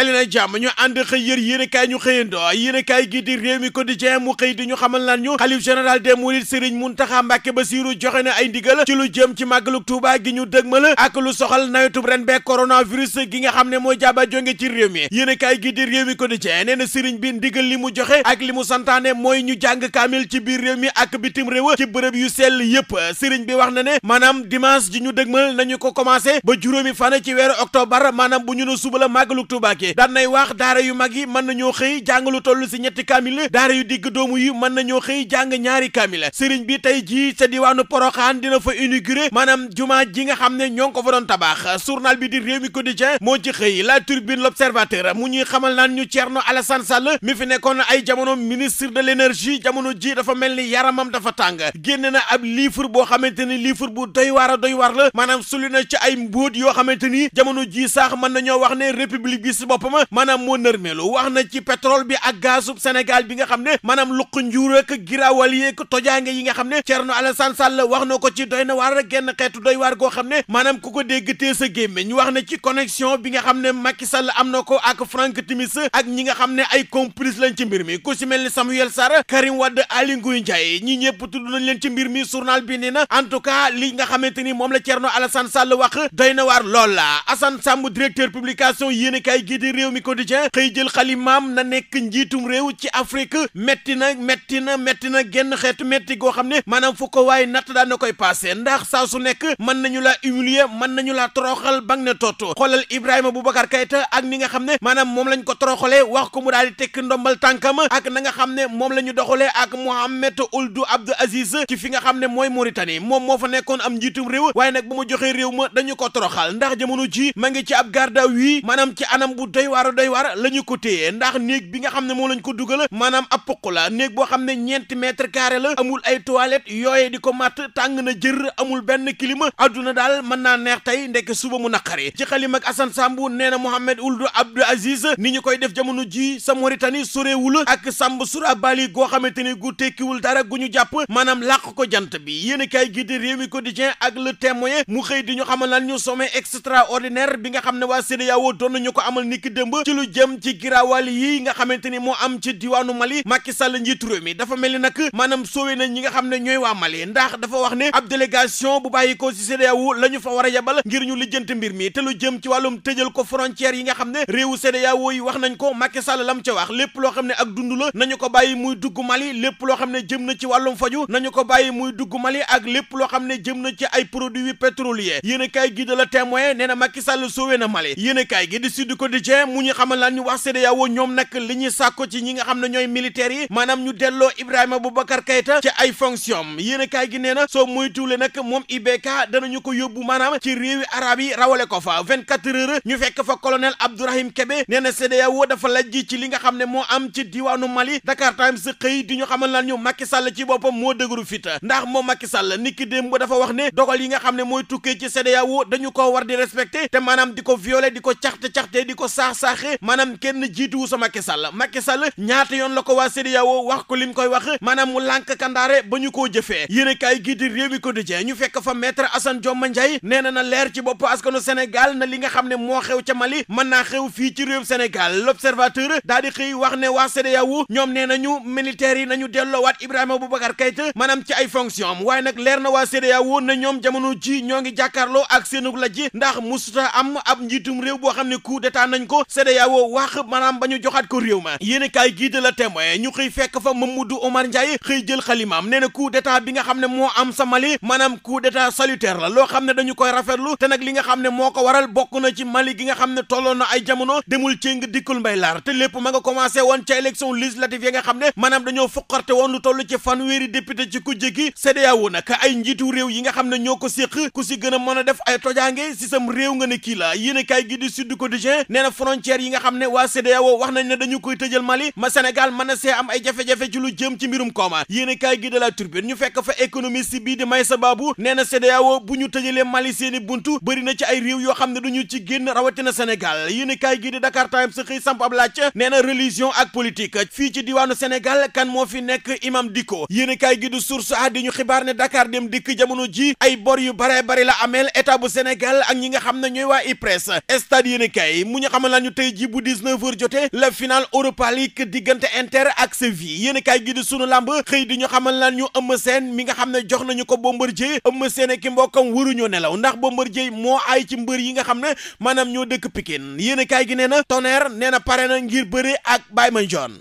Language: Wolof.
dali na jàmm ñu ànd xëy yër yéenekaay ñu xëyandoo yéenekaay gi di réew mi quotidien mu xëy di ñu xamal lan ñu xalif général des mourides Serigne Mountakha Mbacké Bassirou joxe na ay ndigal ci lu jëm ci màggalug Touba gi ñu dëgmal ak lu soxal nawetub ren bee coronavirus gi nga xam ne moo jaaba jonge ci réew mi yéenekaay gi di réew mi quotidien nee na Serigne bi ndigal li mu joxe ak li mu santaane mooy ñu jàng kaamil ci biir réew mi ak bitim réew ci bërëb yu sell yépp Serigne bi wax na ne maanaam dimanche ji ñu dëgmal nañu ko commencé ba juróomi fan ci weeru octobre maanaam bu ñu na suba la màggalug Touba yi daan nay wax daara yu mag yi mën nañoo xëy jàng lu toll si ñetti kaamil daara yu digg doomu yi mën nañoo xëy jàng ñaari kaamil sëriñ bi tey jii sa diwaanu Poroxaan dina fa inauguré maanaam jumaa ji nga xam ne ñoo ngi ko fa doon tabax journal bi di Rewmi Quotidien moo ci xëy La Tribune L'Observateur mu ñuy xamal naan ñu Thierno Alassane Sall mi fi nekkoon ay jamono ministre de l'énergie jamono jii dafa mel ni yaramam dafa tàng génn na ab livre boo xamante ni livre bu doy waar a doy waar la maanaam suli na ci ay mbóot yoo xamante ni jamono ji sax mën nañoo wax ne boppam maanaam moo nërmeelu wax na ci pétrole bi ak gazub Sénégal bi nga xam ne maanaam luq njur ak girawal yeeg tojaange yi nga xam ne Thierno Alassane Sall wax na ko ci doy na waar genn xeetu doy waar goo xam ne maanaam ku ko dégg tee sa gémmiñ wax na ci connexion bi nga xam ne Macky Sall am na ko ak Franck Timis ak ñi nga xam ne ay complice lañ ci mbir mi ku si mel ni Samuel Sarr Karim Wade Aly Ngouille Ndiaye ñi ñëpp tudd nañ leen ci mbir mi journal bi nee na en tout cas nga xamante ni moom la Thierno Alassane Sall wax doy na waar lool la Assane Samb directeur publication yéen a kaay gi di réew mi di quotidien xëy jël xali maam na nekk njiitum réew ci Afrique metti na metti na metti na genn xeetu metti goo xam ne maanaam fu ko waaye natt daan na koy passé ndax saa su nekk mën nañu laa humilier mën nañu laa toroxal bang ne tottu xoolal Ibrahima Boubacar Keïta ak ni nga xam ne maanaam moom lañ ko toroxalee wax ko mu daal di tekk ndombal tànkam ak na nga xam ne moom la ñu doxalee ak Mohamed Ould Abdel Aziz ci fi nga xam ne mooy Mauritanie moom moo fa nekkoon am njiitum réew waaye nag bu ma joxee réew ma dañu ko toroxal ndax jamono ji ma ngi ci ab garda wi maanaam ci anam bu doy waar doy waar la ñu ko téye ndax néeg bi nga xam ne moo lañ ko dugal maanaam a pokk la néeg boo xam ne ñeenti mètre carré la amul ay toilette yooye di ko màtt tàng na jër amul benn climat adduna daal mën naa neex tey ndekk suba mu naqari ci xalim ak Assane Samb nee na Mohamed Ould Abdou Aziz ni ñu koy def jamono ji sa Mauritanie soreewul ak Samb Surabali goo xamante ni gu tekkiwul dara gu ñu jàpp maanaam làq ko jant bi yéen a kaay gi di Rewmi Quotidien ak Le Témoin mu xëy di ñu xamal lan ñu sommet extraordinaire bi nga xam ne waa CEDEAO doon nañu ko amal ni dikk ci lu jëm ci giraawal yi nga xamante ni moo am ci diwaanu Mali Macky Sall njiitu réew mi dafa mel ni nag maanaam soowee na ñi nga xam ne ñooy waa Mali ndax dafa wax ne ab délégation bu bàyyi ko ci CEDEAO la ñu fa war a yebal ngir ñu lijjanti mbir mi te lu jëm ci wàllum tëjal ko frontière yi nga xam ne réewu CEDEAO yi wax nañ ko Macky Sall lam ca wax lépp loo xam ne ak dund la nañu ko bàyyi muy dugg Mali lépp loo xam ne jëm na ci wàllum faju nañu ko bàyyi muy dugg Mali ak lépp loo xam ne jëm na ci ay produits pétroliers yéen a kaay gi de la témoin nee na Macky Sall soowee na Mali di Sud Quotidien mu ñu xamal laan ñu wax CEDEAO ñoom nag li ñuy sàkko ci ñi nga xam ne ñooy militaires yi maanaam ñu delloo Ibrahima Boubacar Keïta ci ay fonction yéen a gi nee na soo moytuwulee nag moom dana danañu ko yóbbu maanaam ci réewi arab yi rawale ko fa 24 heures ñu fekk fa colonel Abdourahim Kébé nee na CEDEAO dafa lajj ci li nga xam ne moo am ci diwaanu Mali Dakar Times xëy di ñu xamal laan ñu Macky Sall ci boppam moo dëgëru fit ndax moom Macky Sall niki démb dafa wax ne yi nga xam ne mooy tukkee ci CEDEAO war te maanaam di ko violé di ko caxte caxte di ko saax-saaxe maanaam kenn jiituwu sa Macky Sall Macky Sall ñaata yoon la ko waa CEDEAO wax ko lim koy wax maanaam mu lànk kandaare ba ñu ko jëfee yéen kaay gii di réew ko quotidien ñu fekk fa maître Assane Dioma Ndiaye nee na na leer ci bopp askanu Sénégal na li nga xam ne moo xew ca Mali mën naa xew fii ci réew Sénégal l'observateur daal di xëy wax ne waa CEDEAO ñoom nee nañu militaires yi nañu delloowaat Ibrahima Boubacar Keïta maanaam ci ay fonction waaye nag leer na waa CEDEAO na ñoom jamono ji ñoo ngi jàkkaarloo ak seenug la ji ndax musuta am ab njiitum réew boo xam ne coup nañ ko CEDEAO wax maanaam ba ñu joxaat ko réew ma yéen i kaay gii de la témoin ñu xëy fekk fa Mamadou Omar Ndiaye xëy jël xalimaam nee na coup d'état bi nga xam ne moo am sa Mali maanaam coup d'état salutaire la loo xam ne dañu koy rafetlu te nag li nga xam ne moo ko waral bokk na ci Mali gi nga xam ne tolloon na ay jamono demul nga dikkul mbay laar te lépp ma nga commencé woon ca élection législative yi nga xam ne maanaam dañoo foqarte woon lu toll ci fanweeri député ci e e réew yi nga xam ne ñoo ko séq ku si gën a mën a def ay tojaange si sam réew nga ne kii la yéen a kaay gi di Sud Quotidien nee na frontière yi nga xam ne waa CEDEAO wax nañ ne dañu koy tëjal Mali ma Sénégal mën na see am ay jafe-jafe ci lu jëm ci mbirum kooma yéen kaay gi de la Tribune ñu fekk fa économiste bii di Meissa Babou nee na CEDEAO bu ñu tëjalee Mali seeni buntu bëri na ci ay réew yoo xam ne duñu ci génn rawatina Sénégal yéen kaay gi di Dakar Times xëy samp ab laaj nee na religion ak politique fii ci diwaanu Sénégal kan moo fi nekk imam dikko yéen kaay gi di Source di ñu xibaar ne Dakar dem dikk jamono ji ay bor yu bare bare la ameel état bu Sénégal ak ñi nga xam ne ñooy waa IPRES stade yéen nañu tey ji bu 19 heures jotee la finale Europa League diggante Inter ak Séville yéen a gi di sunu lamb xëy di ñu xamal lan ñu Eumeu Sène mi nga xam ne jox nañu ko Bombardier Eumeu Sène ki mbokkam waruñoo nelaw ndax Bombardier moo aay ci mbër yi nga xam ne maanaam ñoo dëkk Pikine yéen gi nee na Tonnerre nee na pare na ngir bëre ak Baye Mandione